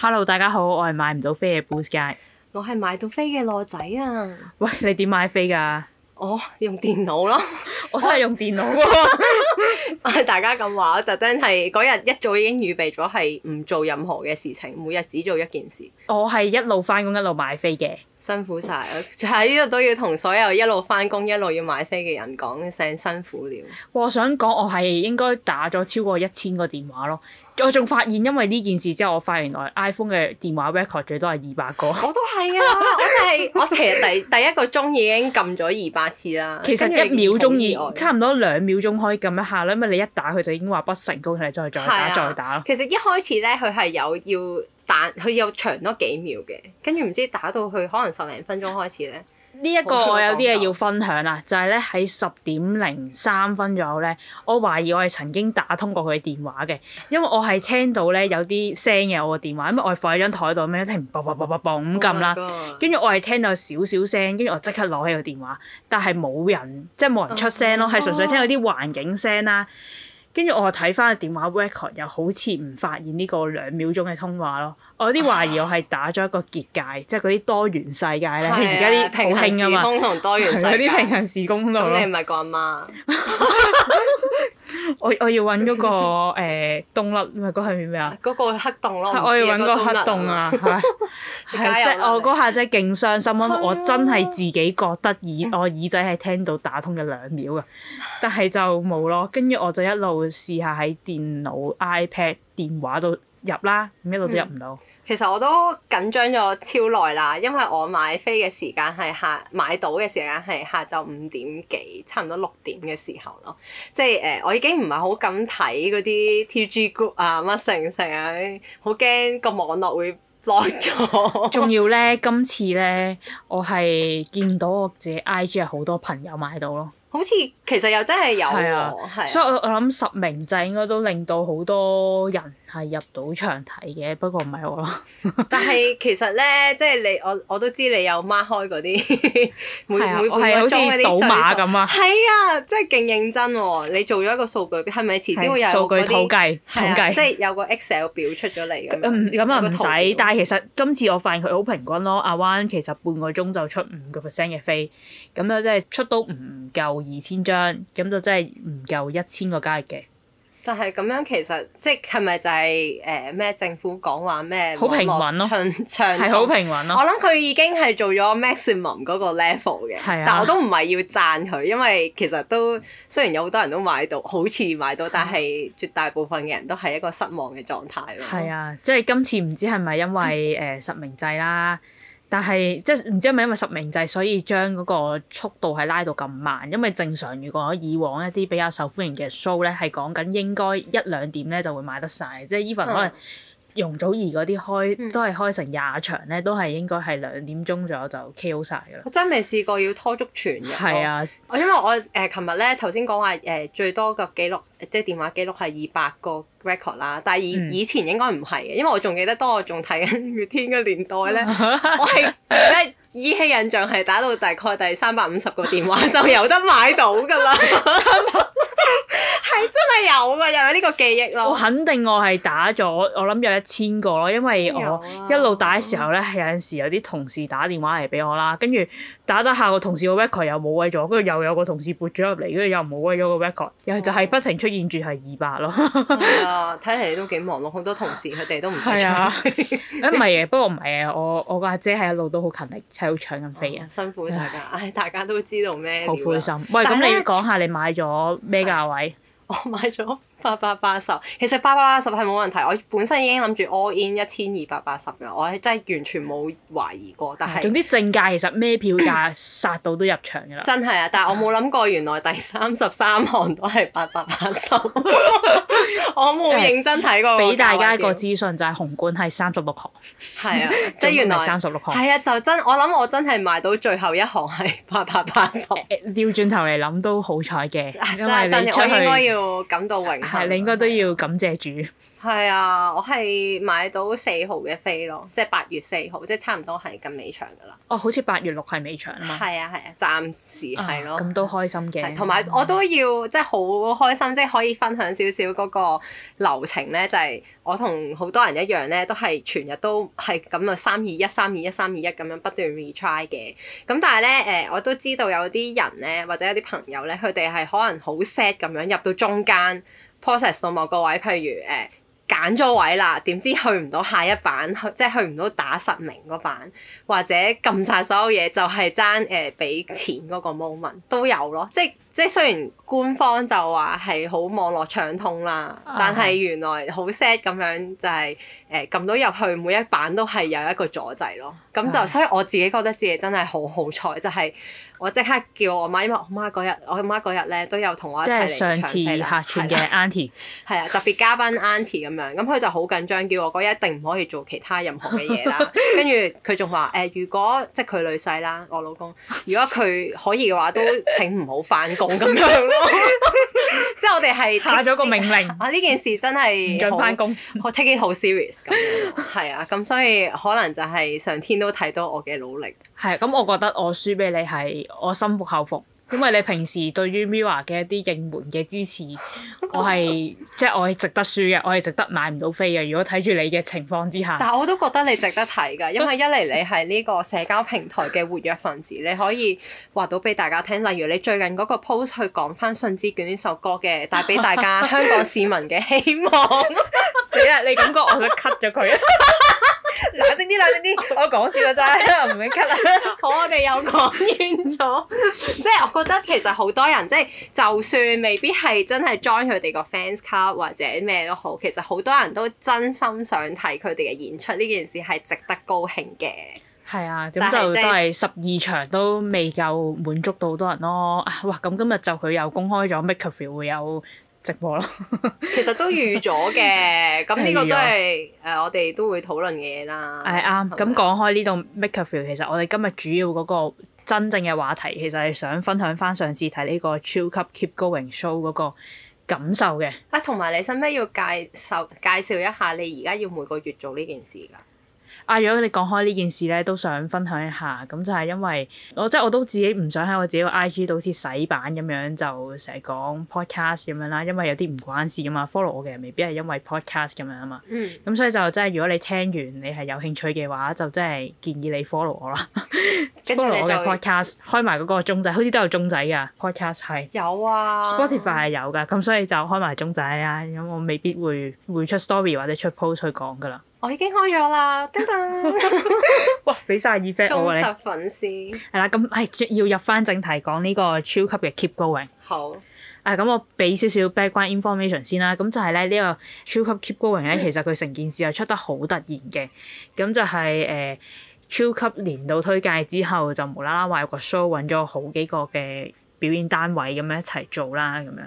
Hello，大家好，我係買唔到飛嘅 Boost g u 我係買到飛嘅羅仔啊！喂，你點買飛噶？哦，oh, 用電腦咯，我都係用電腦。我大家咁話，我特登係嗰日一早已經預備咗，係唔做任何嘅事情，每日只做一件事。我係一路翻工一路買飛嘅，辛苦晒，就喺呢度都要同所有一路翻工一路要買飛嘅人講成辛苦了。苦了我想講，我係應該打咗超過一千個電話咯。我仲發現，因為呢件事之後，我發現原來 iPhone 嘅電話 record 最多係二百個。我都係啊， 我係、就是、我其實第第一個鐘已經撳咗二百次啦。其實一秒鐘已， 差唔多兩秒鐘可以撳一下啦。因為你一打佢就已經話不成功，你再再打、啊、再打咯。其實一開始咧，佢係有要但佢有長多幾秒嘅，跟住唔知打到去可能十零分鐘開始咧。呢一個我有啲嘢要分享啦，就係咧喺十點零三分左右咧，我懷疑我係曾經打通過佢嘅電話嘅，因為我係聽到咧有啲聲嘅我個電話，因為我係放喺張台度咩咧，突然嘣嘣嘣嘣咁撳啦，跟住我係聽到少少聲，跟住我即刻攞起個電話，但係冇人，即係冇人出聲咯，係純粹聽到啲環境聲啦。跟住我睇翻個電話 record 又好似唔發現呢個兩秒鐘嘅通話咯，我有啲懷疑我係打咗一個結界，啊、即係嗰啲多元世界咧，而家啲平行時空同多元世界啲平行時空度咯。 你唔係個阿媽、啊？ 我我要揾嗰個誒洞粒，唔係嗰下叫咩啊？嗰 個黑洞咯，我要揾個黑洞啊！係，係即我嗰下真係勁傷心咯， 我真係自己覺得耳 我耳仔係聽到打通咗兩秒噶，但係就冇咯。跟住我就一路試下喺電腦、iPad、電話度。入啦，咩都入唔到，嗯。其實我都緊張咗超耐啦，因為我買飛嘅時間係下買到嘅時間係下晝五點幾，差唔多六點嘅時候咯。即係誒、呃，我已經唔係好敢睇嗰啲 T G Group 啊、乜成成啊，好驚個網絡會 lock 咗。仲要咧，今次咧，我係見到我自己 I G 有好多朋友買到咯。好似其實又真係有喎，啊啊、所以我我諗實名制應該都令到好多人。係入賭場睇嘅，不過唔係我咯。 但係其實咧，即係你我我都知你有 Marker 開嗰啲， 每每每做嗰啲賭馬咁啊。係啊，真係勁認真喎、啊！你做咗一個數據表，係咪遲啲會有、啊、數據統計、啊、統計？啊、即係有個 Excel 表出咗嚟咁。嗯，咁啊唔使。但係其實今次我發現佢好平均咯。阿彎其實半個鐘就出五個 percent 嘅飛，咁啊真係出到唔夠二千張，咁就真係唔夠一千個加嘅。就係咁樣，其實即係咪就係誒咩政府講話咩好平穩咯，長長好平穩咯。我諗佢已經係做咗 maximum 嗰個 level 嘅，啊、但我都唔係要讚佢，因為其實都雖然有好多人都買到，好似買到，但係絕大部分嘅人都係一個失望嘅狀態咯。係啊，嗯、即係今次唔知係咪因為誒、呃、實名制啦。但係即係唔知係咪因為實名制，所以將嗰個速度係拉到咁慢。因為正常如果以往一啲比較受歡迎嘅 show 咧，係講緊應該一兩點咧就會賣得晒，即係 even 可能。容祖兒嗰啲開都係開成廿場咧，都係應該係兩點鐘左右就 kill 曬噶啦。我真未試過要拖足全日。係啊，因為我誒琴日咧頭先講話誒最多、呃、個記錄，即係電話記錄係二百個 record 啦。但係以以前應該唔係嘅，嗯、因為我仲記得當我仲睇《五月天》嘅年代咧， 我係真係。 依稀印象係打到大概第三百五十個電話就有得買到㗎啦， 係真係有又有呢個記憶咯。我肯定我係打咗，我諗有一千個咯，因為我一路打嘅時候咧，啊、有陣時有啲同事打電話嚟俾我啦，跟住打得下個同事個 record 又冇位咗，跟住又有個同事撥咗入嚟，跟住又冇位咗個 record，又就係不停出現住係二百咯。係啊，睇嚟你 都幾忙碌，好多同事佢哋都唔錯、啊。誒唔係不過唔係嘅，我我個阿姐係一路都好勤力。係好搶咁飛啊，辛苦大家！唉，大家都知道咩？好灰心。喂，咁是你要講下你買咗咩價位？我買咗。八百八十，80，其實八百八十係冇問題。我本身已經諗住 all in 一千二百八十嘅，我係真係完全冇懷疑過。但係，總之正價其實咩票價殺到都入場㗎啦。 真係啊！但係我冇諗過，原來第三十三行都係八百八十。 我冇認真睇過。俾大家一個資訊就係紅館係三十六行。係啊，即、就、係、是、原來三十六行。係啊，就真我諗我真係買到最後一行係八百八十。調轉頭嚟諗都好彩嘅，真係真係我應該要感到榮。係，你應該都要感謝主。係啊，我係買到四號嘅飛咯，即係八月四號，即係差唔多係咁尾場噶啦。哦，好似八月六係尾場啊嘛。係啊，係啊，暫時係咯。咁、啊、都開心嘅，同埋我都要即係好開心，即係可以分享少少嗰個流程咧。就係、是、我同好多人一樣咧，都係全日都係咁啊，三二一，三二一，三二一咁樣不斷 retry 嘅。咁但係咧，誒、呃，我都知道有啲人咧，或者有啲朋友咧，佢哋係可能好 sad 咁樣入到中間。Process 到某個位，譬如誒揀咗位啦，點知去唔到下一版，即係去唔到打實名嗰版，或者撳晒所有嘢就係爭誒俾錢嗰個 moment 都有咯，即係即係雖然官方就話係好網絡暢通啦，uh huh. 但係原來好 sad 咁樣就係誒撳到入去每一版都係有一個阻滯咯，咁就、uh huh. 所以我自己覺得自己真係好好彩，就係、是。我即刻叫我媽，因為我媽嗰日，我媽嗰日咧都有同我一齊嚟場，係啊，特別嘉賓 auntie 咁樣，咁佢就好緊張，叫我嗰日一定唔可以做其他任何嘅嘢啦。跟住佢仲話誒，如果即係佢女婿啦，我老公，如果佢可以嘅話，都請唔好翻工咁樣咯。即係我哋係打咗個命令啊！呢件事真係唔想翻工，我 take 好 serious 咁。係啊，咁所以可能就係上天都睇到我嘅努力。係，咁我覺得我輸俾你係。我心服口服，因為你平時對於 Mirror 嘅一啲應援嘅支持， 我係即係我係值得輸嘅，我係值得買唔到飛嘅。如果睇住你嘅情況之下，但係我都覺得你值得睇噶，因為一嚟你係呢個社交平台嘅活躍分子，你可以話到俾大家聽，例如你最近嗰個 post 去講翻《信之卷》呢首歌嘅，帶俾大家香港市民嘅希望。死啦！ 你感覺我就 cut 咗佢。 冷靜啲，冷靜啲， 我講笑啊真係，唔好 cut 啦。好，我哋又講完咗，即係我覺得其實好多人，即係就算未必係真係 join 佢哋個 fans club 或者咩都好，其實好多人都真心想睇佢哋嘅演出呢件事係值得高興嘅。係啊，咁就都係十二場都未夠滿足到好多人咯。 哇，咁今日就佢又公開咗，MakeAlive 會有。直播咯，其實都預咗嘅，咁呢 個都係誒、呃、我哋都會討論嘅嘢啦。係啱，咁講開呢度 Makerville 其實我哋今日主要嗰個真正嘅話題，其實係想分享翻上次睇呢個 Chill Club Keep Going Show 嗰個感受嘅。喂、啊，同埋你使唔使要介紹介紹一下你而家要每個月做呢件事㗎？啊！如果你講開呢件事咧，都想分享一下。咁就係因為我即我都自己唔想喺我自己個 IG 度好似洗版咁樣，就成日講 podcast 咁樣啦。因為有啲唔關事噶嘛，follow 我嘅人未必係因為 podcast 咁樣啊嘛。嗯。咁所以就即係如果你聽完你係有興趣嘅話，就即係建議你 follow 我啦。 follow 我 podcast 開埋嗰個鐘仔，好似都有鐘仔噶 podcast 係。有啊。Spotify 係有噶，咁所以就開埋鐘仔啊！咁我未必會會出 story 或者出 post 去講噶啦。我已經開咗啦，噔噔！ 哇，俾晒 effect 我你。忠實粉絲。係啦，咁係要入翻正題講呢個 Chill Club 嘅 Keep Going。好。啊，咁我俾少少 background information 先啦。咁就係咧，呢個 Chill Club Keep Going 咧，其實佢成件事係出得好突然嘅。咁、嗯、就係誒 Chill Club 年度推介之後，就無啦啦，話有個 show 揾咗好幾個嘅表演單位咁樣一齊做啦，咁樣。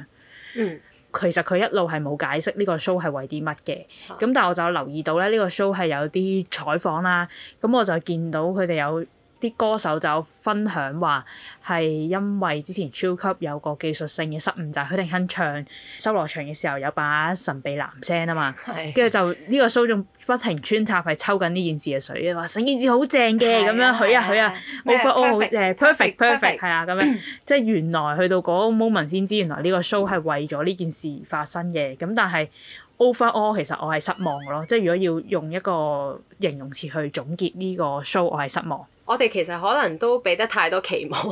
嗯。其實佢一路係冇解釋呢個 show 係為啲乜嘅，咁、啊、但係我就留意到咧，呢個 show 係有啲採訪啦，咁我就見到佢哋有。啲歌手就分享話係因為之前 Chill Club 有個技術性嘅失誤，就係許廷鏗唱《修羅場》嘅時候有把神秘男聲啊嘛，跟住就呢個 show 仲不停穿插係抽緊呢件事嘅水啊，成件事好正嘅咁樣許啊許啊，over all 好誒 perfect perfect 係啊咁樣，即係原來去到嗰個 moment 先知原來呢個 show 係為咗呢件事而發生嘅咁，但係 over all 其實我係失望㗎咯，即係如果要用一個形容詞去總結呢個 show，我係失望。我哋其實可能都俾得太多期望，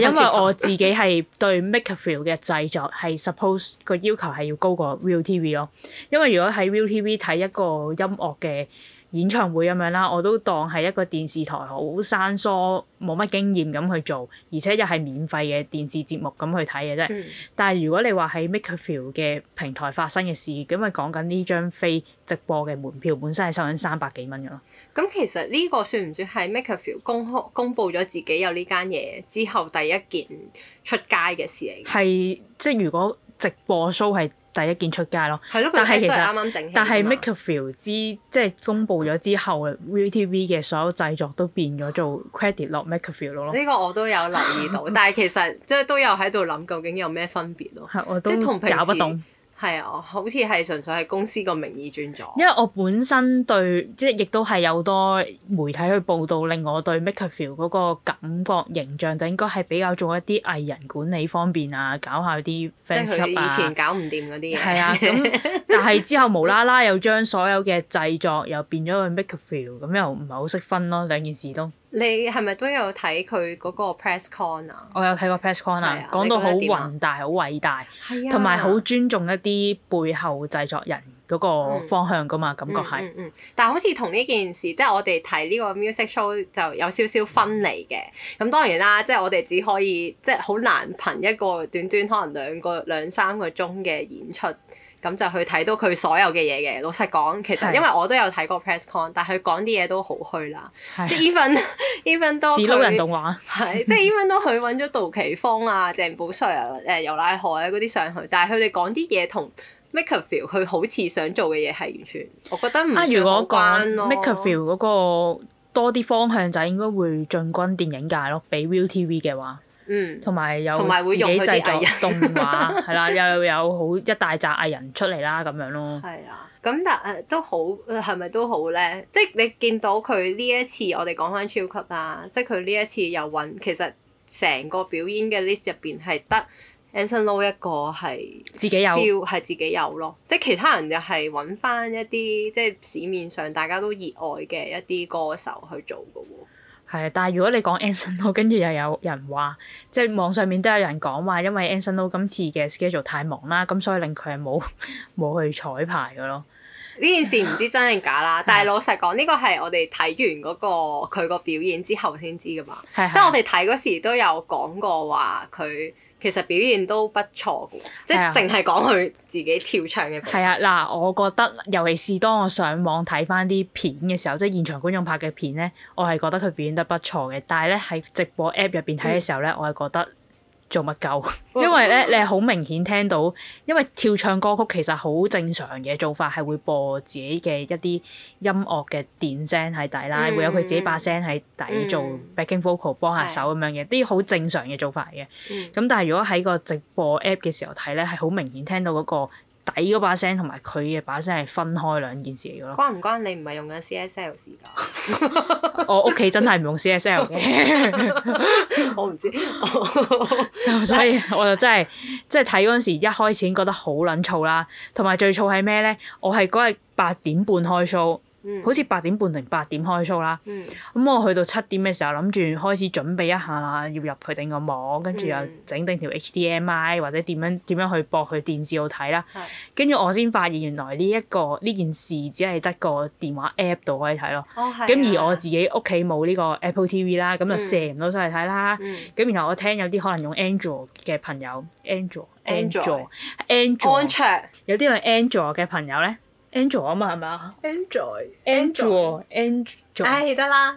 因為我自己係對 Makerville 嘅製作係 suppose 個要求係要高過 Viu TV 咯，因為如果喺 Viu TV 睇一個音樂嘅演唱會咁樣啦，我都當係一個電視台好生疏，冇乜經驗咁去做，而且又係免費嘅電視節目咁去睇嘅啫。嗯、但係如果你話喺 MakeAlive 嘅平台發生嘅事，咁咪講緊呢張飛直播嘅門票本身係收緊三百幾蚊㗎咯。咁、嗯、其實呢個算唔算係 MakeAlive 公開公佈咗自己有呢間嘢之後第一件出街嘅事嚟？係即係如果直播 show 係。第一件出街咯，但係其實，啱啱整但係 Makerville 之即係公佈咗之後，ViuTV 嘅所有製作都變咗做 Credit 落 Makerville 咯。呢個我都有留意到， 但係其實即係都有喺度諗究竟有咩分別咯，嗯、我都即係同平時搞不懂。係啊，我好似係純粹係公司個名義轉咗。因為我本身對即係亦都係有多媒體去報導，令我對 Markerville 嗰個感覺形象就應該係比較做一啲藝人管理方面啊，搞一下啲 fans club 啊。即係佢以前搞唔掂嗰啲嘢。啊，咁 啊、但係之後無啦啦又將所有嘅製作又變咗去 Markerville，咁又唔係好識分咯，兩件事都。你係咪都有睇佢嗰個 press con 啊？我有睇過 press con 啊，講到好宏大，好偉大，同埋好尊重一啲背後製作人嗰個方向噶嘛，嗯、感覺係、嗯。嗯，嗯，但係好似同呢件事，即係我哋睇呢個 music show 就有少少分離嘅。咁、嗯、當然啦，即係我哋只可以即係好難憑一個短短可能兩個兩三個鐘嘅演出。咁就去睇到佢所有嘅嘢嘅。老實講，其實因為我都有睇過 press con，但佢講啲嘢都好虛啦的。即 even，even 都佢。老人動畫。係，即係 even 都佢揾咗杜琪峰啊、 鄭保瑞啊、誒尤拉海嗰啲上去，但係佢哋講啲嘢同 Makerville，佢好似想做嘅嘢係完全，我覺得唔相關咯。啊、Makerville 嗰個多啲方向就應該會進軍電影界咯，畀 Viu TV 嘅話。嗯，同埋有自己製造、嗯、 動畫，係啦，又有,有,有好一大紮藝人出嚟啦，咁樣咯。係啊，咁但係都好，係咪都好咧？即係你見到佢呢一次，我哋講翻 Chill Club 啦，即係佢呢一次又揾，其實成個表演嘅 list 入邊係得 Anson Lo 一個係自己有，係自己有咯。即係其他人又係揾翻一啲即係市面上大家都熱愛嘅一啲歌手去做嘅喎。係，但係如果你講 Anson Lo 跟住又有人話，即係網上面都有人講話，因為 Anson Lo 今次嘅 schedule 太忙啦，咁所以令佢係冇冇去彩排嘅咯。呢件事唔知真定假啦， 但係老實講，呢、呢個係我哋睇完嗰個佢個表演之後先知噶嘛。 即係我哋睇嗰時都有講過話佢。其實表現都不錯嘅，即係淨係講佢自己跳唱嘅。係啊、哎呀，嗱， 我覺得尤其是當我上網睇翻啲片嘅時候，即係現場觀眾拍嘅片咧，我係覺得佢表現得不錯嘅。但係咧，喺直播 app 入邊睇嘅時候咧，嗯、我係覺得。做乜鳩？ 因為咧，你係好明顯聽到，因為跳唱歌曲其實好正常嘅做法，係會播自己嘅一啲音樂嘅電聲喺底啦，嗯、會有佢自己把聲喺底做 backing vocal 幫下手咁樣嘅，啲好、嗯、正常嘅做法嚟嘅。咁、嗯、但係如果喺個直播 app 嘅時候睇咧，係好明顯聽到嗰、嗰個。底嗰把聲同埋佢嘅把聲係分開兩件事嚟嘅咯。關唔關你唔係用緊 CSL 時間？ 我屋企真係唔用 CSL 嘅。我唔知。所以我就真係，即係睇嗰陣時，一開始覺得好撚嘈啦。同埋最嘈係咩咧？我係嗰日八點半開 show。好似八點半定八點開 show 啦，咁、嗯、我去到七點嘅時候，諗住開始準備一下啦，要入去定個網，跟住又整定條 HDMI 或者點樣點樣去駁去電視度睇啦。跟住是我先發現原來呢一個呢件事只係得個電話 app 度可以睇咯。咁、哦啊、而我自己屋企冇呢個 Apple TV 啦，咁就射唔到出嚟睇啦。咁、嗯嗯、然後我聽有啲可能用 Android 嘅朋友，Android，Android，Android，有啲用 Android 嘅朋友咧。Android 啊嘛，係咪啊？Android，Android，Android，哎得啦，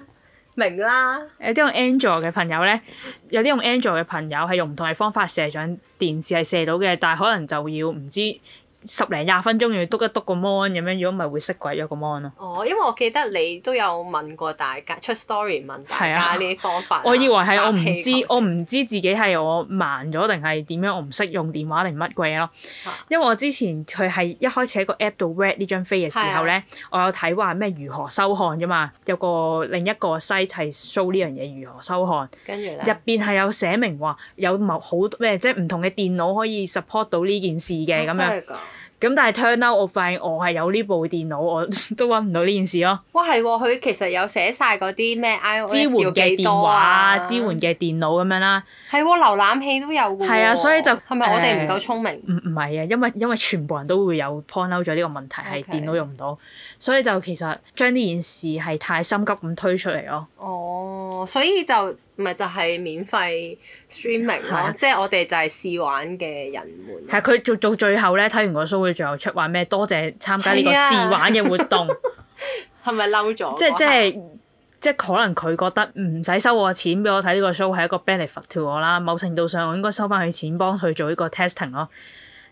明啦。有啲用 Android 嘅朋友咧，有啲用 Android 嘅朋友係用唔同嘅方法射上電視係射到嘅，但係可能就要唔知。十零廿分鐘要篤一篤個 mon 咁樣，如果咪會熄鬼咗個 mon 咯。哦，因為我記得你都有問過大家出 story 問大家呢啲方法，啊。我以為係我唔知，我唔知自己係我盲咗定係點樣，我唔識用電話定乜鬼咯。啊、因為我之前佢係一開始喺個 app 度 read 呢張飛嘅時候咧，啊、我有睇話咩如何收看啫嘛，有個另一個，site 係 show 呢樣嘢如何收看。跟住入邊係有寫明話有某好咩，即係唔同嘅電腦可以 support 到呢件事嘅咁樣。啊啊啊咁但係 turn out，我發現我係有呢部電腦，我都揾唔到呢件事咯。哇，係喎、哦，佢其實有寫晒嗰啲咩 iOS 支援嘅電話、支援嘅電腦咁樣啦。係喎、哦，瀏覽器都有喎。係啊，所以就係咪我哋唔夠聰明？唔唔係啊，因為因為全部人都會有 point out 咗呢個問題，係電腦用唔到，Okay. 所以就其實將呢件事係太心急咁推出嚟咯。哦，oh, 所以就。咪就係免費 streaming 咯，啊，即係我哋就係試玩嘅人們，啊。佢，啊、做做最後咧，睇完個 show 嘅最後出話咩？多謝參加呢個試玩嘅活動，係咪嬲咗？即即即可能佢覺得唔使收我錢俾我睇呢個 show，係一個 benefit to 我啦。某程度上，我應該收翻佢錢幫佢做呢個 testing 咯。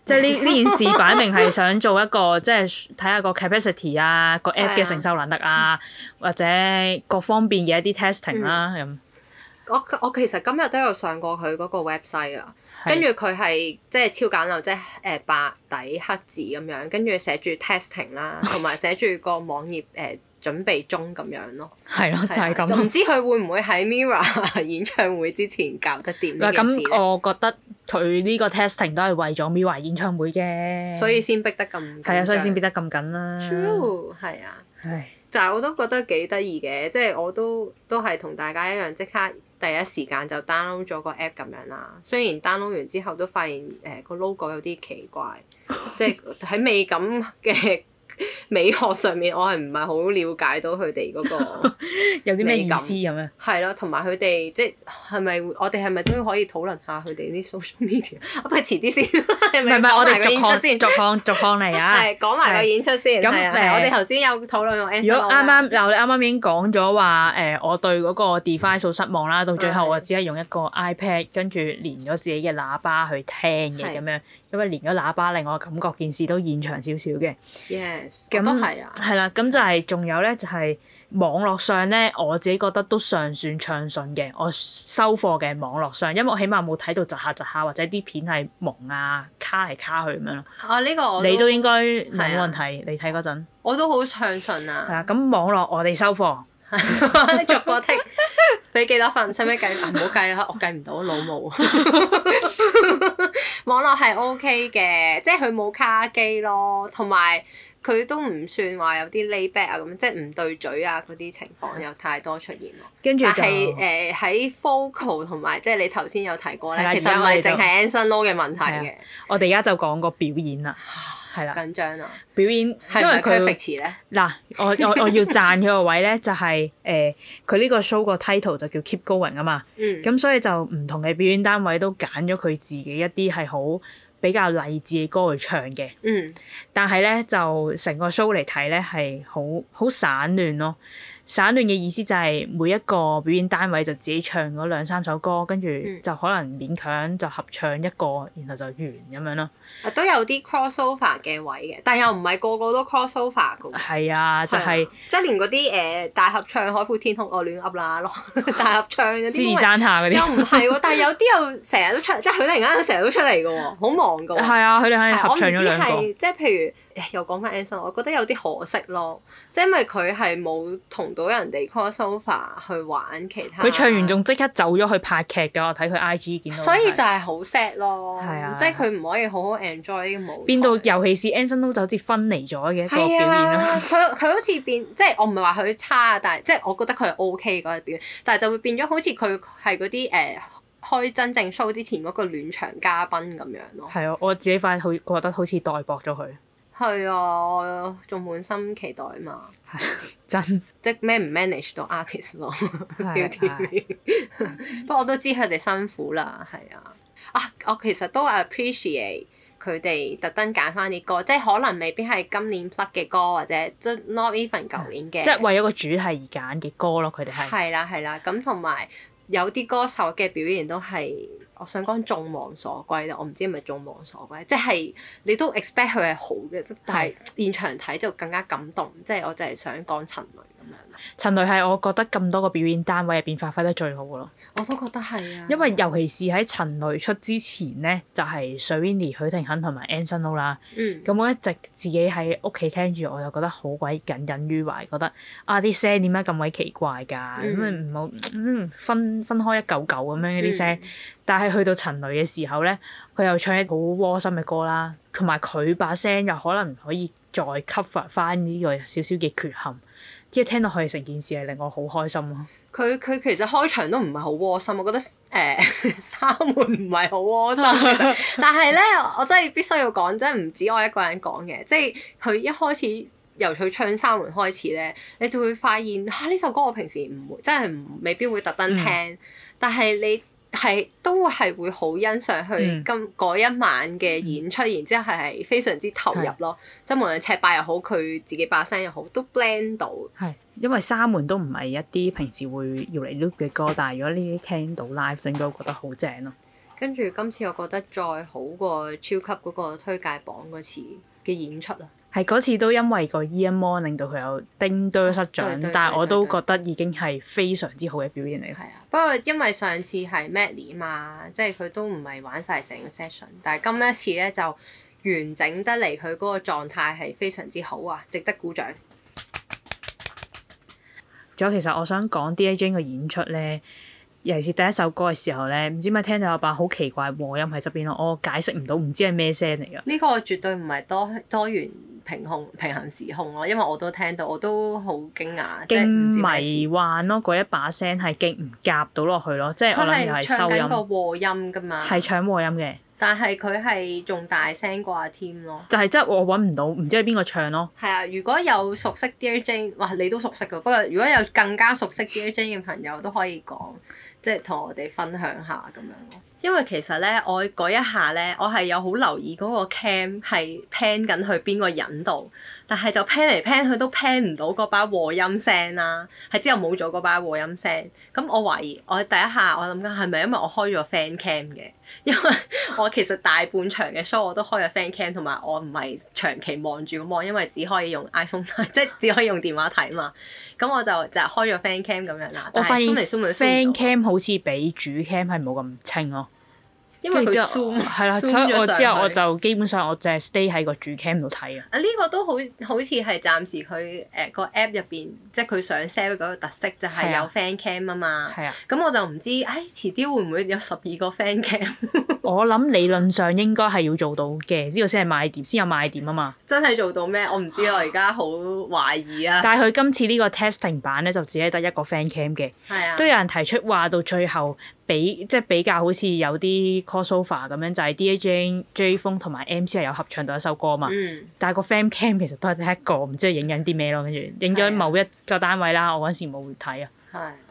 即呢呢 件事擺明係想做一個即係睇下個 capacity 啊，個 app 嘅承受能力啊，啊或者各方面嘅一啲 testing 啦，啊、咁。嗯嗯。我我其實今日都有上過佢嗰個 website 啊，跟住佢係即係超簡陋，即係誒白底黑字咁樣，跟住寫住 testing 啦，同埋寫住個網頁誒準備中咁樣咯。係咯， 就係、是、咁。唔、啊、知佢會唔會喺 Mirror 演唱會之前搞得掂？唔係咁，嗯、我覺得佢呢個 testing 都係為咗 Mirror 演唱會嘅，所以先逼得咁緊啊，所以先逼得咁緊啦。True，係啊，係， 但係我，我都覺得幾得意嘅，即係我都都係同大家一樣即刻。第一時間就 download 咗個 app 咁樣啦，雖然 download 完之後都發現誒個 logo 有啲奇怪，即係喺美感嘅。美學上面我係唔係好了解到佢哋嗰個有啲咩意思咁樣？係咯，同埋佢哋即係咪我哋係咪都可以討論下佢哋啲 social media？唔遲啲先，係咪講埋個演出先？續擴續擴嚟啊！係講埋個演出先。咁我哋頭先有討論。呃、如果啱啱嗱，我哋啱啱已經講咗話誒，我對嗰個 device 好失望啦。到最後我只係用一個 iPad，跟住連咗自己嘅喇叭去聽嘅咁樣。因為連咗喇叭，令我感覺件事都現場少少嘅。yes，咁都係啊。係啦，咁就係仲有咧，就係網絡上咧，我自己覺得都尚算暢順嘅。我收貨嘅網絡上，因為我起碼冇睇到窒下窒下，或者啲片係蒙啊卡嚟卡去咁樣咯。啊，呢個你都應該冇問題，你睇嗰陣我都好暢順啊。係啊，咁網絡我哋收貨逐個聽，俾幾多份使唔使計？唔好計啦，我計唔到老母。網絡係 OK 嘅，即係佢冇卡機咯，同埋佢都唔算話有啲 lay back 啊，咁即係唔對嘴啊嗰啲情況有太多出現咯。跟住就誒喺、呃、focal 同埋，即係你頭先有提過咧，其實唔係淨係 Anson Lo 嘅問題嘅。我哋而家就講個表演啦。係啦，緊張啦、啊！表演，因為佢遲咧。嗱，我我我要讚佢個位咧、就係，就係誒，佢呢個 show 個 title 就叫 Keep Going 啊嘛。嗯。咁所以就唔同嘅表演單位都揀咗佢自己一啲係好比較勵志嘅歌去唱嘅。嗯。但係咧，就成個 show 嚟睇咧，係好好散亂咯。散亂嘅意思就係每一個表演單位就自己唱嗰兩三首歌，跟住就可能勉強就合唱一個，然後就完咁樣咯。都有啲 crossover 嘅位嘅，但又唔係個個都 crossover 嘅。係、嗯、啊，就係、係啊、即係連嗰啲誒大合唱《海闊天空》、我亂 up 啦咯，大合唱。獅子山下嗰啲。又唔係喎，但係有啲又成日都出嚟，即係佢哋啱啱成日都出嚟嘅喎，好忙嘅。係啊，佢哋喺度合唱咗兩個。即係譬如。又講翻 Anson，我覺得有啲可惜咯，即係因為佢係冇同到人哋 crossover 去玩其他。佢唱完仲即刻走咗去拍劇㗎，我睇佢 IG 見到。所以就係好 sad 咯，啊、即係佢唔可以好好 enjoy 呢個舞。變到尤其是 Anson 都好似分離咗嘅一個表演。係啊，佢佢好似變，即係我唔係話佢差，但係即係我覺得佢係 OK 嗰個表演，但係就會變咗好似佢係嗰啲誒開真正 show 之前嗰個暖場嘉賓咁樣咯。係啊，我自己反而好覺得好似代薄咗佢。係啊，仲滿心期待啊嘛！係真，即係 man 唔 manage 到 artist 咯，要啲咩？不過、啊啊、 我都知佢哋辛苦啦，係啊。啊，我其實都 appreciate 佢哋特登揀翻啲歌，即係可能未必係今年 plug 嘅歌，或者即係 not even 舊年嘅、啊。即係為咗個主題而揀嘅歌咯，佢哋係。係啦係啦，咁同埋有啲歌手嘅表現都係。我想講眾望所歸，但係我唔知係咪眾望所歸，即係你都 expect 佢係好嘅，但係現場睇就更加感動，即係我就係想講陳蕾。陳雷係我覺得咁多個表演單位入邊發揮得最好嘅咯。我都覺得係啊。因為尤其是喺陳雷出之前咧，就係 Serrini、許廷鏗同埋 Anson Lo 啦。咁、嗯、我一直自己喺屋企聽住，我就覺得好鬼耿耿於懷，覺得啊啲聲點解咁鬼奇怪㗎？咁啊唔好嗯，嗯分分開一嚿嚿咁樣啲聲，嗯、但係去到陳雷嘅時候咧，佢又唱一好窩心嘅歌啦，同埋佢把聲又可能可以再 cover 翻呢個少少嘅缺陷。即係聽到佢成件事係令我好開心咯。佢佢其實開場都唔係好窩心，我覺得誒、欸、三門唔係好窩心。 但係咧，我真係必須要講，真係唔止我一個人講嘅。即係佢一開始由佢唱三門開始咧，你就會發現嚇呢、啊、首歌我平時唔會，真係唔未必會特登聽，嗯、但係你。係都係會好欣賞佢今嗰、嗯、一晚嘅演出，嗯、然之後係係非常之投入咯。即是無論赤膊又好，佢自己把聲又好，都 blend 到是。係因為三門都唔係一啲平時會要嚟 loop 嘅歌，但係如果呢啲聽到 live 應該覺得好正咯。跟住 今次我覺得再好過 Chill Club 嗰個推介榜嗰次嘅演出啦。係嗰次都因為個 EMO 令到佢有叮堆失準，哦、對對對，但係我都覺得已經係非常之好嘅表現嚟。係啊，不過因為上次係 Maddy 嘛，即係佢都唔係玩晒成個 session，但係今一次咧就完整得嚟，佢嗰個狀態係非常之好啊，值得鼓掌。仲有其實我想講 DJing 嘅演出咧。尤其是第一首歌嘅時候咧，唔知點解聽到有把好奇怪和音喺側邊咯，我解釋唔到，唔知係咩聲嚟㗎。呢個絕對唔係多多元平衡平衡時空咯，因為我都聽到，我都好驚訝，經 即係迷幻咯。嗰一把聲係勁唔夾到落去咯，即係可能又係收音。係和音㗎嘛？係唱和音嘅。但係佢係仲大聲過阿添咯。就係即係我揾唔到，唔知係邊個唱咯。係啊，如果有熟悉 Dear Jane，哇，你都熟悉㗎。不過如果有更加熟悉 Dear Jane 嘅朋友都可以講。 即係同我哋分享下咁樣咯。因為其實咧，我嗰一下咧，我係有好留意嗰個 cam 係 plan 緊去邊個人度。但係就 pan 嚟 pan 去都 pan 唔到嗰把和音聲啦、啊，係之後冇咗嗰把和音聲。咁我懷疑我第一下我諗緊係咪因為我開咗 fan cam 嘅，因為我其實大半場嘅 show 我都開咗 fan cam，同埋我唔係長期望住咁望，因為只可以用 iPhone 即係只可以用電話睇啊嘛。咁我就就開咗 fan cam 咁樣啦。鬆來鬆來鬆來鬆我發現 fan cam 好似比主 cam 係冇咁清咯、啊。因為佢 zoom 係啦、啊，啊、我之後我就 基本上我就係 stay 喺個主 cam 度睇啊。啊、呢個，呢個都好好似係暫時佢誒個 app 入邊，即係佢想 sell 嗰個特色就係有 fan cam 啊嘛。係啊，咁、啊、我就唔知誒、哎，遲啲會唔會有十二個 fan cam？我諗理論上應該係要做到嘅，呢 個先係賣點，先有賣點啊嘛。真係做到咩？我唔知， 我而家好懷疑啊。但係佢今次呢個 testing 版咧，就只係得一個 fan cam 嘅。係啊， 都有人提出話到最後。比即係比較好似有啲 crossover 咁樣，就係、是、Dear Jane、J 風同埋 M C 係有合唱到一首歌嘛。嗯、但係個 fan cam 其實都係得一個，唔知係影緊啲咩咯。跟住影咗某一個單位啦，是的 我嗰時冇睇啊。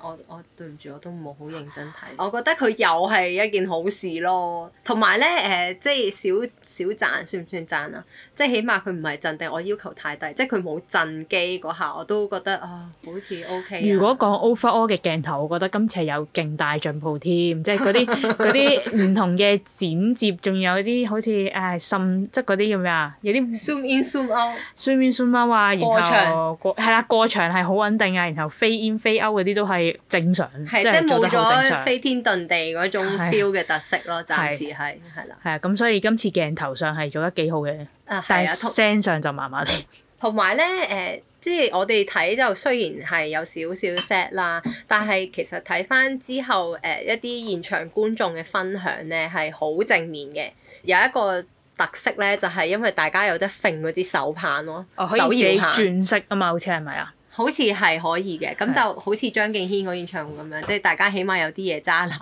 我我對唔住，我都冇好認真睇。 我覺得佢又係一件好事咯。同埋咧誒，即係少少賺，算唔算賺啊？即係起碼佢唔係震定，我要求太低，即係佢冇震機嗰下，我都覺得啊，好似 O K 啊。如果講 overall 嘅鏡頭，我覺得今次係有勁大進步添，即係嗰啲嗰啲唔同嘅剪接，仲有啲好似誒甚，即係嗰啲叫咩啊？有啲 zoom in zoom out。zoom in zoom out 啊，然後過係場啦，過場係好穩定啊，然後飛 in 飛 out 嗰啲都係。正常，是即係冇咗好飛天遁地嗰種 feel 嘅特色咯，啊、暫時係係啦。係啊，咁、啊啊、所以今次鏡頭上係做得幾好嘅。啊、但係聲上就麻麻哋。同埋咧，誒、呃，即係我哋睇就雖然係有少少 sad 啦，但係其實睇翻之後，誒、呃、一啲現場觀眾嘅分享咧係好正面嘅。有一個特色咧，就係、是、因為大家有得揈嗰啲手棒咯、啊，可以轉色啊嘛，好似係咪啊？是好似係可以嘅，咁就好似張敬軒個演唱會咁樣，對。即係大家起碼有啲嘢揸拿，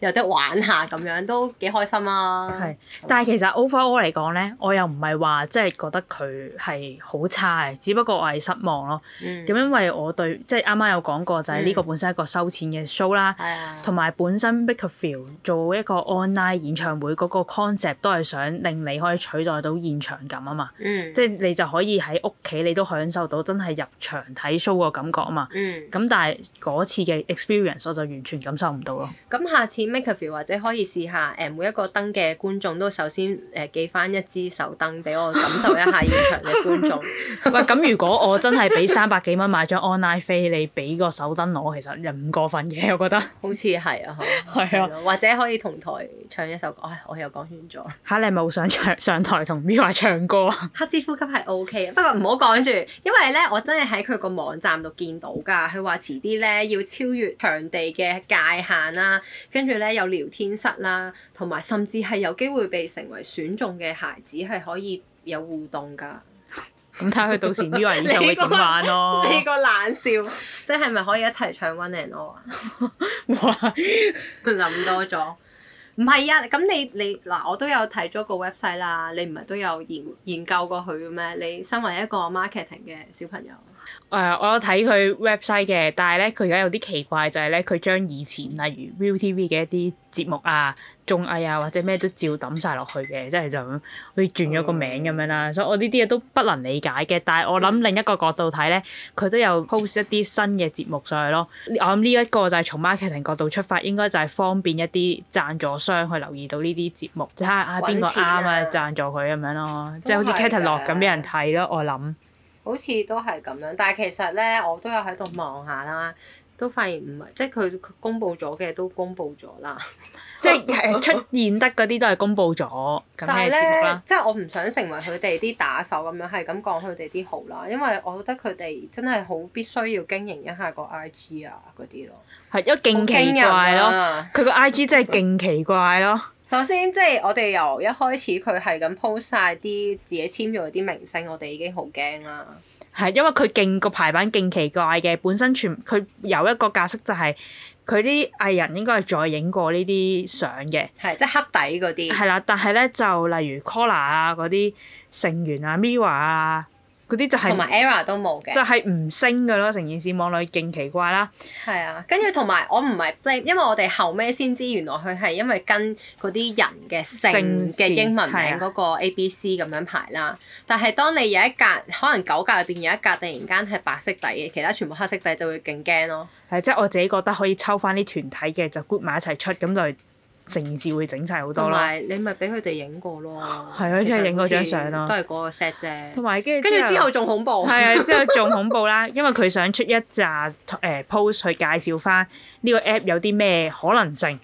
有得玩下咁樣都幾開心啊！係，但係其實 overall 嚟講咧，我又唔係話即係覺得佢係好差嘅，只不過我係失望咯。嗯。咁因為我對即係啱啱有講過就係、是、呢個本身係一個收錢嘅 show 啦。係啊。同埋本身 MakerVille 做一個 online 演唱會嗰個 concept 都係想令你可以取代到現場感啊嘛。嗯。即係你就可以喺屋企，你都享受到真係入場睇。睇 show 個感覺啊嘛，咁、嗯、但係嗰次嘅 experience 我就完全感受唔到咯。咁、嗯、下次 MakeAlive 或者可以試下誒、呃、每一個燈嘅觀眾都首先誒、呃、寄翻一支手燈俾我感受一下現場嘅觀眾。 喂，咁如果我真係俾三百幾蚊買張 online 飛， 你俾個手燈我，其實又唔過分嘅，我覺得。好似係 啊，係啊，或者可以同台唱一首歌。哎，我又講完咗。嚇你係咪好想唱上台同 Mirror 啊唱歌啊？ 黑之呼吸係 OK，不過唔好講住，因為咧 我真係喺佢個。網站度見到噶，佢話遲啲咧要超越場地嘅界限啦，跟住咧有聊天室啦，同埋甚至係有機會被成為選中嘅孩子係可以有互動噶。咁睇下佢到時呢個人就會點玩咯？你個冷笑，即係咪可以一齊唱 One and All 啊？ 哇！諗 多咗，唔係啊？咁你你嗱，我都有睇咗個 website 啦，你唔係都有研研究過佢嘅咩？你身為一個 marketing 嘅小朋友。誒，uh, 我有睇佢 website 嘅，但係咧，佢而家有啲奇怪就係、是、咧，佢將以前例如 ViuTV 嘅一啲節目啊、綜藝啊或者咩都照抌晒落去嘅，即係就好似轉咗個名咁樣啦。嗯、所以，我呢啲嘢都不能理解嘅。但係我諗另一個角度睇咧，佢都有 post 一啲新嘅節目上去咯。我諗呢一個就係從 marketing 角度出發，應該就係方便一啲贊助商去留意到呢啲節目，睇下邊個啱啊贊、啊啊、助佢咁樣咯，是即係好似 catalog 咁俾人睇咯。我諗。好似都係咁樣，但係其實咧，我都有喺度望下啦，都發現唔係，即係佢公佈咗嘅都公佈咗啦， 即係出現得嗰啲都係公佈咗咁嘅節目啦。即係我唔想成為佢哋啲打手咁樣，係咁講佢哋啲好啦，因為我覺得佢哋真係好必須要經營一下個 I G 啊嗰啲咯。係，因為勁奇怪咯，佢個 I G 真係勁奇怪咯。 首先，即係我哋由一開始佢係咁 po 曬啲自己簽咗啲明星，我哋已經好驚啦。係因為佢勁個排版勁奇怪嘅，本身全佢有一個格式，就係，就係佢啲藝人應該係再影過呢啲相嘅。係即黑底嗰啲。係啦，但係咧就例如 Collar 啊嗰啲成員啊 Mirror 啊。嗰啲就係、是、同埋 error 都冇嘅，就係唔升㗎咯。成件事望落去勁奇怪啦。係啊，跟住同埋我唔係 blame，因為我哋後尾先知原來佢係因為跟嗰啲人嘅姓嘅英文名嗰個 A、B、C 咁樣排啦。啊、但係當你有一格，可能九格入邊有一格突然間係白色底嘅，其他全部黑色底就會勁驚咯。係即係我自己覺得可以抽翻啲團體嘅就 group 埋一齊出咁就是。成件事會整齊好多啦。同埋你咪俾佢哋影過咯。係啊，即係影嗰張相啦。都係個 set 啫。同埋跟住，跟住之後仲恐怖。係啊，之後仲恐怖啦，因為佢想出一紮誒 post 去介紹翻呢個 app 有啲咩可能性。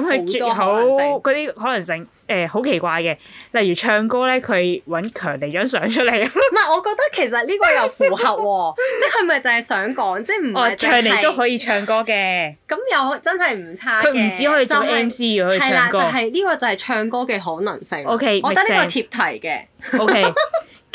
咁佢好嗰啲可能性誒好奇怪嘅，例如唱歌咧，佢揾強尼張相出嚟。唔係，我覺得其實呢個又符合喎、哦， 即係佢咪就係想講，即係唔。哦，強尼都可以唱歌嘅。咁又真係唔差，佢唔止可以做 MC，佢唱歌。係啦，就係呢個就係唱歌嘅可能性。O okay , K，我覺得呢個貼題嘅。O K。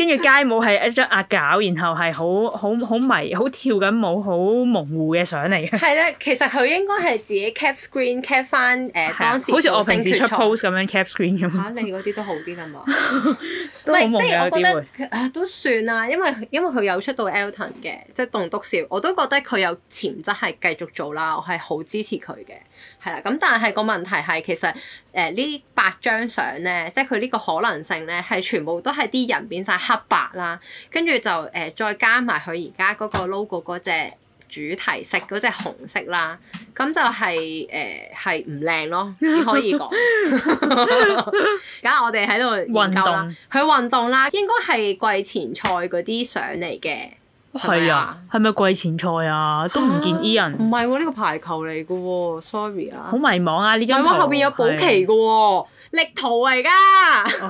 跟住街舞係一張阿搞， 然後係好好好迷，好跳緊舞，好模糊嘅相嚟嘅。係咧，其實佢應該係自己 cap screen cap 翻誒當時。好似我平時出 post 咁樣 cap screen 咁、 啊。嚇你嗰啲都好啲啦嘛。 唔即係我覺得啊，都算啦，因為因為佢有出到 Elton 嘅，即係棟篤笑，我都覺得佢有潛質係繼續做啦，我係好支持佢嘅，係啦。咁但係個問題係其實誒呢、呃、八張相咧，即係佢呢個可能性咧係全部都係啲人變晒黑白啦，跟住就誒、呃、再加埋佢而家嗰個 logo 嗰隻。主題色嗰隻紅色啦，咁就係誒係唔靚咯，可以講。咁 我哋喺度研究啦，佢運動啦，應該係季前賽嗰啲相嚟嘅。係啊，係咪季前賽啊？都唔見 Ian 唔係喎，呢個、啊、排球嚟嘅喎，sorry 啊。好迷茫啊！呢張圖。唔係後邊有保期嘅喎，啊、力圖嚟噶。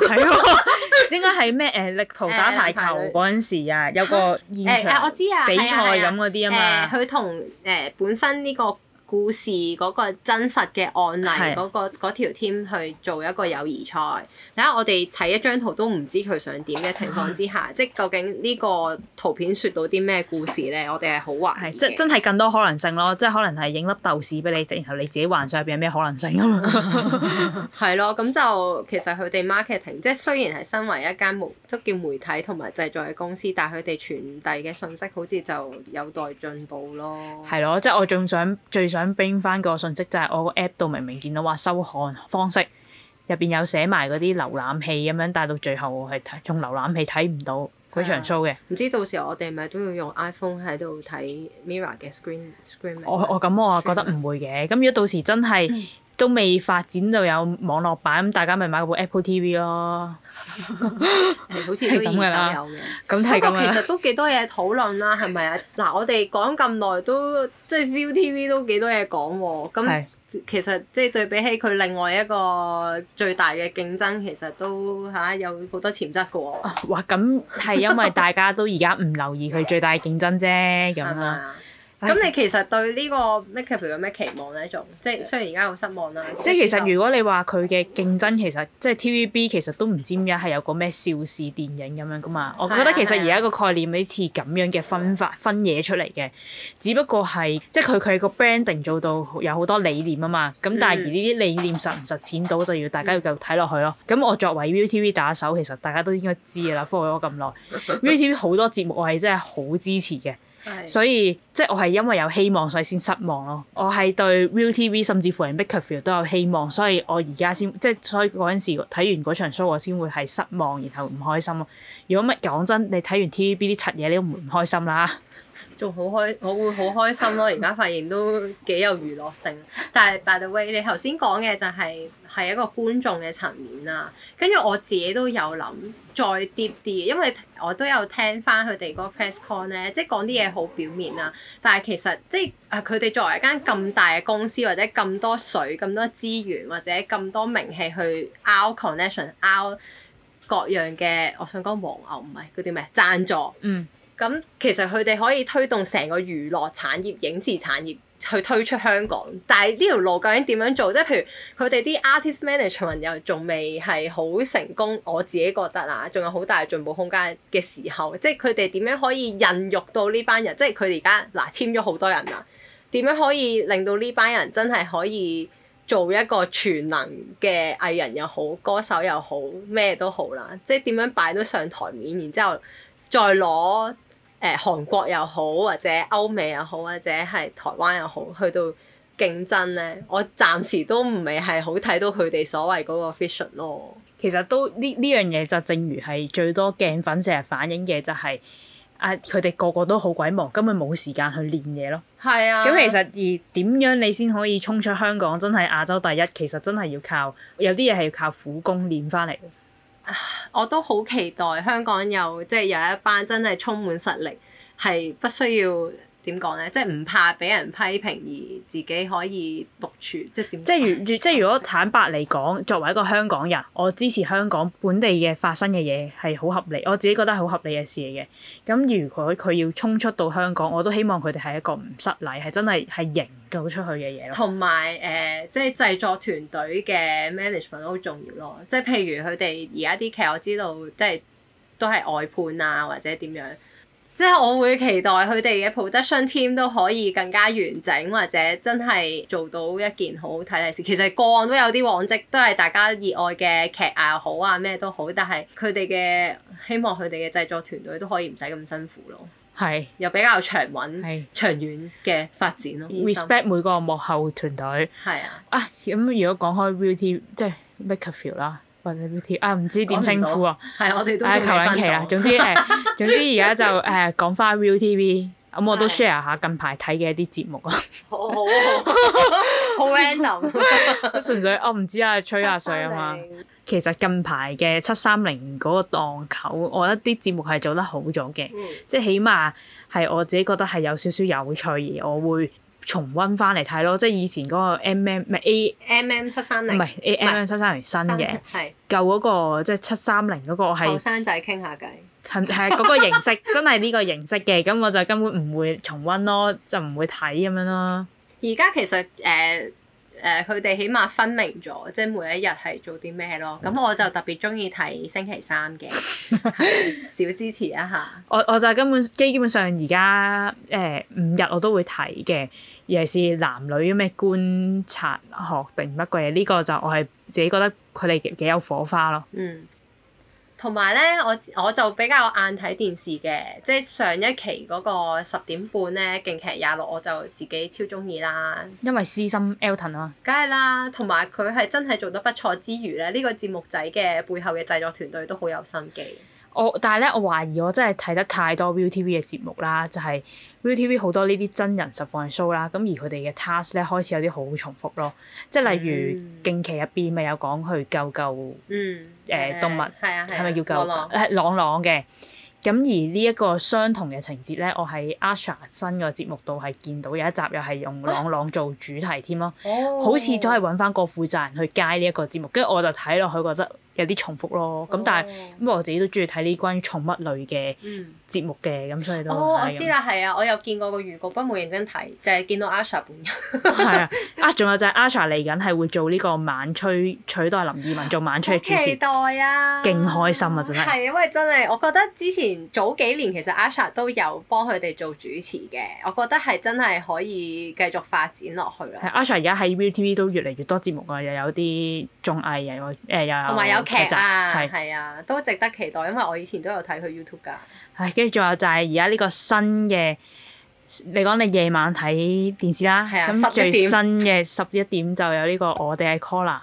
係喎、哦、啊、 應該係咩？誒力圖打排球嗰陣時啊，呃、有個現場比賽咁嗰啲啊嘛。佢同誒本身呢、呢個。故事嗰、那個真實嘅案例，嗰的、那個嗰條 team 去做一個友誼賽，等下我哋睇一張圖都唔知佢想點嘅情況之下，啊、即係究竟呢個圖片說到啲咩故事咧？我哋係好話，係即係真係更多可能性咯。即係可能係影粒豆豉俾你睇，然後你自己幻想入邊有咩可能性啊嘛，係 咯， 咁就其實佢哋 marketing，即係雖然係身為一間媒即叫媒體同埋製作嘅公司，但係佢哋傳遞嘅信息好似就有待進步咯。係咯，即係我仲想最想。最想想冰翻個信息就係、是、我個 app 度明明見到話收看方式入邊有寫埋嗰啲瀏覽器咁樣，但係到最後我係用瀏覽器睇唔到佢場 show 嘅。唔的知到時我哋咪都要用 iPhone 喺度睇 Mirror 嘅 screen screen 我。我我咁我啊覺得唔會嘅。咁如果到時真係～、嗯都未發展到有網絡版，咁大家咪買部 Apple TV 咯，好似都現身有咁係咁。不過其實都幾多嘢討論啦，係咪啊？嗱，我哋講咁耐都即係 ViuTV 都幾多嘢講喎。咁、嗯、是其實即係對比起佢另外一個最大嘅競爭，其實都吓、啊，有好多潛質嘅喎、哦。 哇！咁係因為大家都而家唔留意佢最大嘅競爭啫，咁啦。咁、哎、你其實對呢個 MakeAlive 有咩期望咧？仲即係雖然而家好失望啦。即係其實如果你話佢嘅競爭，其實即係 TVB 其實都唔知點解係有個咩邵氏電影咁樣噶嘛。我覺得其實而家個概念呢次咁樣嘅分法分嘢出嚟嘅，只不過係即係佢佢個 branding 做到有好多理念啊嘛。咁但係而呢啲理念實唔實踐到，就要大家要繼續睇落去咯。咁、嗯、我作為 ViuTV 打手，其實大家都應該知噶啦，follow 咗咁耐，ViuTV 好多節目我係真係好支持嘅。是所以即係我係因為有希望，所以先失望咯。我係對 ViuTV 甚至乎 Markerville 都有希望，所以我而家先即係所以嗰陣時睇完嗰場 show，我先會係失望，然後唔開，開，開，開心咯。如果乜講真，你睇完 TVB 啲柒嘢，你都唔開心啦。仲好開，我會好開心咯。而家發現都幾有娛樂性，但係 by the way，你頭先講嘅就係、是。係一個觀眾嘅層面啦，跟住我自己都有諗再 deep 啲，因為我都有聽翻佢哋嗰 Press Con 咧，即係講啲嘢好表面啦。但係其實即係佢哋作為一間咁大嘅公司，或者咁多水、咁多資源，或者咁多名氣去 out connection out 各樣嘅，我想講黃牛唔係嗰啲咩贊助。嗯。咁、嗯、其實佢哋可以推動成個娛樂產業、影視產業。去推出香港，但係呢條路究竟點樣做？即係譬如佢哋啲 artist management 又仲未係好成功，我自己覺得啊，仲有好大進步空間嘅時候，即係佢哋點樣可以孕育到呢班人？即係佢哋而家嗱簽咗好多人啦，點樣可以令到呢班人真係可以做一個全能嘅藝人又好，歌手又好，咩都好啦？即係點樣擺到上台面，然之後再攞。誒、呃、韓國又好，或者歐美又好，或者係台灣又好，去到競爭咧，我暫時都唔係係好睇到佢哋所謂嗰個 fashion 咯。其實都呢呢樣嘢就正如係最多鏡粉成日反映嘅就係、是、啊，佢哋個個都好鬼忙，根本冇時間去練嘢咯。係啊。咁其實而點樣你先可以衝出香港，真係亞洲第一？其實真係要靠有啲嘢係要靠苦功練翻嚟。我都好期待香港有即係、就是、有一班真係充滿實力，係不需要。點講咧？即係唔怕俾人批評而自己可以獨處，即係點？即係如即係如果坦白嚟講，作為一個香港人，我支持香港本地嘅發生嘅嘢係好合理，我自己覺得係好合理嘅事嚟嘅。咁如果佢要衝出到香港，我都希望佢哋係一個唔失禮，係真係係營救出去嘅嘢咯。同埋誒，即係製作團隊嘅 management 都好重要咯。即係譬如佢哋而家啲劇，我知道即係都係外判啊，或者點樣？即係我會期待佢哋嘅 Production Team 都可以更加完整，或者真係做到一件好好睇嘅事。其實個案都有啲往績，都係大家熱愛嘅劇啊，好啊，咩都好。但係佢哋嘅希望，佢哋嘅製作團隊都可以唔使咁辛苦咯。係是又比較長穩，是長遠嘅發展咯。Respect 是每個幕後團隊。係啊。啊，咁如果講開 ViuTV，即係 MakeAlive 啦。或者 ViuTV 啊，唔知點稱呼啊，係我哋都求緊其啊。總之誒，總之而家就誒講翻 ViuTV。咁 我都 share 下近排睇嘅一啲節目啊。好好好，好 random。純粹我唔知啊，吹下水啊嘛。其實近排嘅七三零嗰個檔口，我覺得啲節目係做得好咗嘅。嗯、即係起碼係我自己覺得係有少少有趣，而我會。重温翻嚟睇咯，即係以前嗰個、MM, A, M M 唔係 AM730，唔係 AM730 新嘅的，係舊嗰、嗰個即係730嗰個，係後生仔傾下偈，係係嗰個形式， 真係呢個形式嘅，咁我就根本唔會重温咯，就唔會睇咁樣咯。而家其實誒。呃誒佢哋起碼分明咗，即係每一日係做啲咩咯。咁我就特別中意睇星期三嘅，少 支持一下。我我就根本基本上而家誒五日我都會睇嘅，尤其是男女咩嘅觀察學定乜鬼嘢，呢個就我係自己覺得佢哋幾有火花咯。嗯。同埋咧，我我就比較晏睇電視嘅，即係上一期嗰個十點半咧勁劇廿六，我就自己超中意啦。因為私心 Elton 囉。梗係啦，同埋佢係真係做得不錯之餘咧，呢個節目仔嘅背後嘅製作團隊都好有心機。我但係咧，我懷疑我真係睇得太多 Viu TV 嘅節目啦，就係 Viu TV 好多呢啲真人實況 show 啦，咁而佢哋嘅 task 咧開始有啲好好重複咯，即係例如勁劇入邊咪有講去救救。嗯。誒、欸、動物係咪叫狗？浪浪嘅，咁、啊、而呢一個相同嘅情節咧，我喺阿 Sa 新嘅節目度係見到有一集又係用浪浪做主題添咯，咦好似都係揾翻個負責人去街呢一個節目，跟住我就睇落去覺得有啲重複咯。咁但係，咁我自己都中意睇呢關於寵物類嘅。嗯節目嘅咁，所以都哦，oh，我知啦，係啊，我有見過個預告，不過冇認真睇，就係、是、見到阿 Sa 本人 啊，啊，仲有就係阿 Sa 嚟緊係會做呢個晚吹，取代林二汶做晚吹嘅主持，期待啊，勁開心啊，真係係、啊、因為真係我覺得之前早幾年其實阿 Sa 都有幫佢哋做主持嘅，我覺得係真係可以繼續發展落去咯。阿 Sa 而家喺 Viu TV 都越嚟越多節目啊，又有啲綜藝，又誒又有同埋、呃、有，有，有，有劇集，係啊，啊，啊，啊，都值得期待，因為我以前都有睇佢 YouTube 㗎。唉，跟住仲有就係而家呢個新嘅，你講你夜晚睇電視啦，咁的最新嘅十一點就有呢個《我哋係 COLLAR》，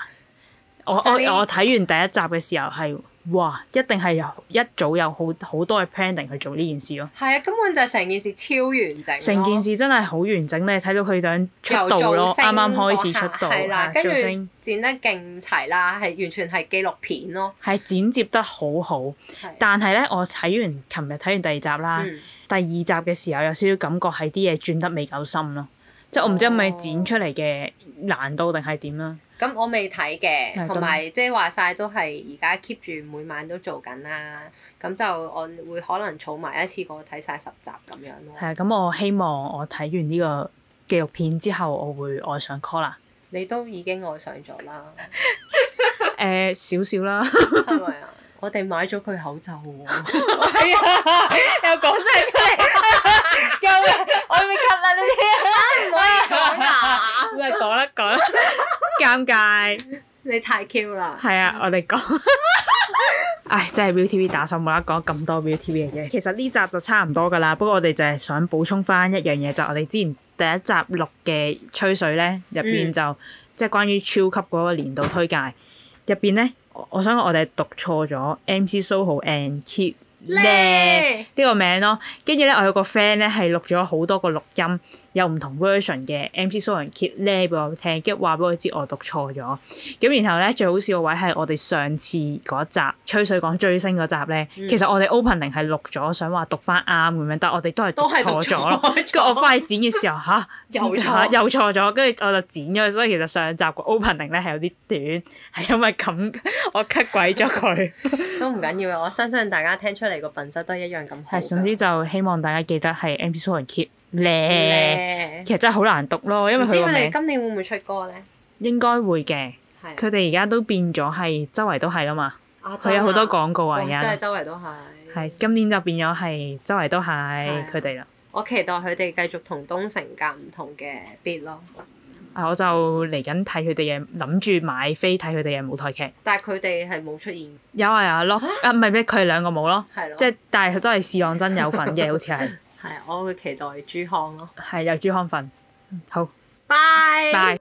我 我我睇完第一集嘅時候係。哇！一定係由一早有好好多嘅 planning 去做呢件事咯。係啊，根本就係成件事超完整。成件事真係好完整咧，睇到佢想出道咯，啱啱造開始出道，啊、跟住星剪得勁齊啦，係完全係紀錄片咯。係剪接得好好，啊、但係咧，我睇完琴日睇完第二集啦，嗯、第二集嘅時候有少少感覺係啲嘢轉得未夠深咯，即係我唔知係咪剪出嚟嘅難度定係點啦。哦。咁我未睇嘅，同埋即係話晒都係而家 keep 住每晚都做緊啦。咁就我會可能儲埋一次過睇晒十集咁樣咯。係啊，咁我希望我睇完呢個紀錄片之後，我會愛上 Corla。你都已經愛上咗啦。誒，少少啦。係咪啊？我哋買咗佢口罩喎。啊，又講晒出嚟，夠未？我未吸啦呢啲。唔好講呀。唔係啦。尷尬，你太 cute 啦！係啊，我哋講，唉，真係 ViuTV 打手冇得講咁多 ViuTV 嘅嘢。其實呢集就差唔多㗎啦，不過我哋就係想補充翻一樣嘢，就是、我哋之前第一集錄嘅吹水咧，入邊、嗯、就即係關於超級嗰個年度推介，入邊咧，我想我哋讀錯咗 MC Soho and Kid Le 呢個名咯，跟住咧，我有個 friend 咧係錄咗好多個錄音。有唔同 version 嘅 MC p 蘇云 Kit 咧，俾我聽，跟住話俾我知我讀錯咗。咁然後咧，最好笑個位係我哋上次嗰集吹水講追星嗰集咧。嗯、其實我哋 opening 係錄咗，想話讀翻啱咁樣，但係我哋都係讀錯咗。跟住 我翻去剪嘅時候，吓、啊、 又錯錯、啊，又錯咗。跟住我就剪咗，所以其實上集個 opening 咧係有啲短，係因為咁 我 cut 鬼咗佢。 都唔緊要啊！我相信大家聽出嚟個品質都一樣咁好。總之就希望大家記得係 MC p 蘇云 Kit。咧，其實真係好難讀咯，因為佢哋今年會唔會出歌咧？應該會嘅。佢哋而家都變咗，係周圍都係啦嘛。佢、啊、有好多廣告啊，而家、哦。即係周圍都係。係今年就變咗係周圍都係佢哋啦。我期待佢哋繼續同東城夾唔同嘅 beat 咯，咯。啊！我就嚟緊睇佢哋嘅，諗住買飛睇佢哋嘅舞台劇。但係佢哋係冇出現。有啊有咯，啊唔係咩？佢哋兩個冇咯，即係但係都係史朗真有份嘅，好似係。係，我會期待豬康咯。係，有豬康份。好，拜拜。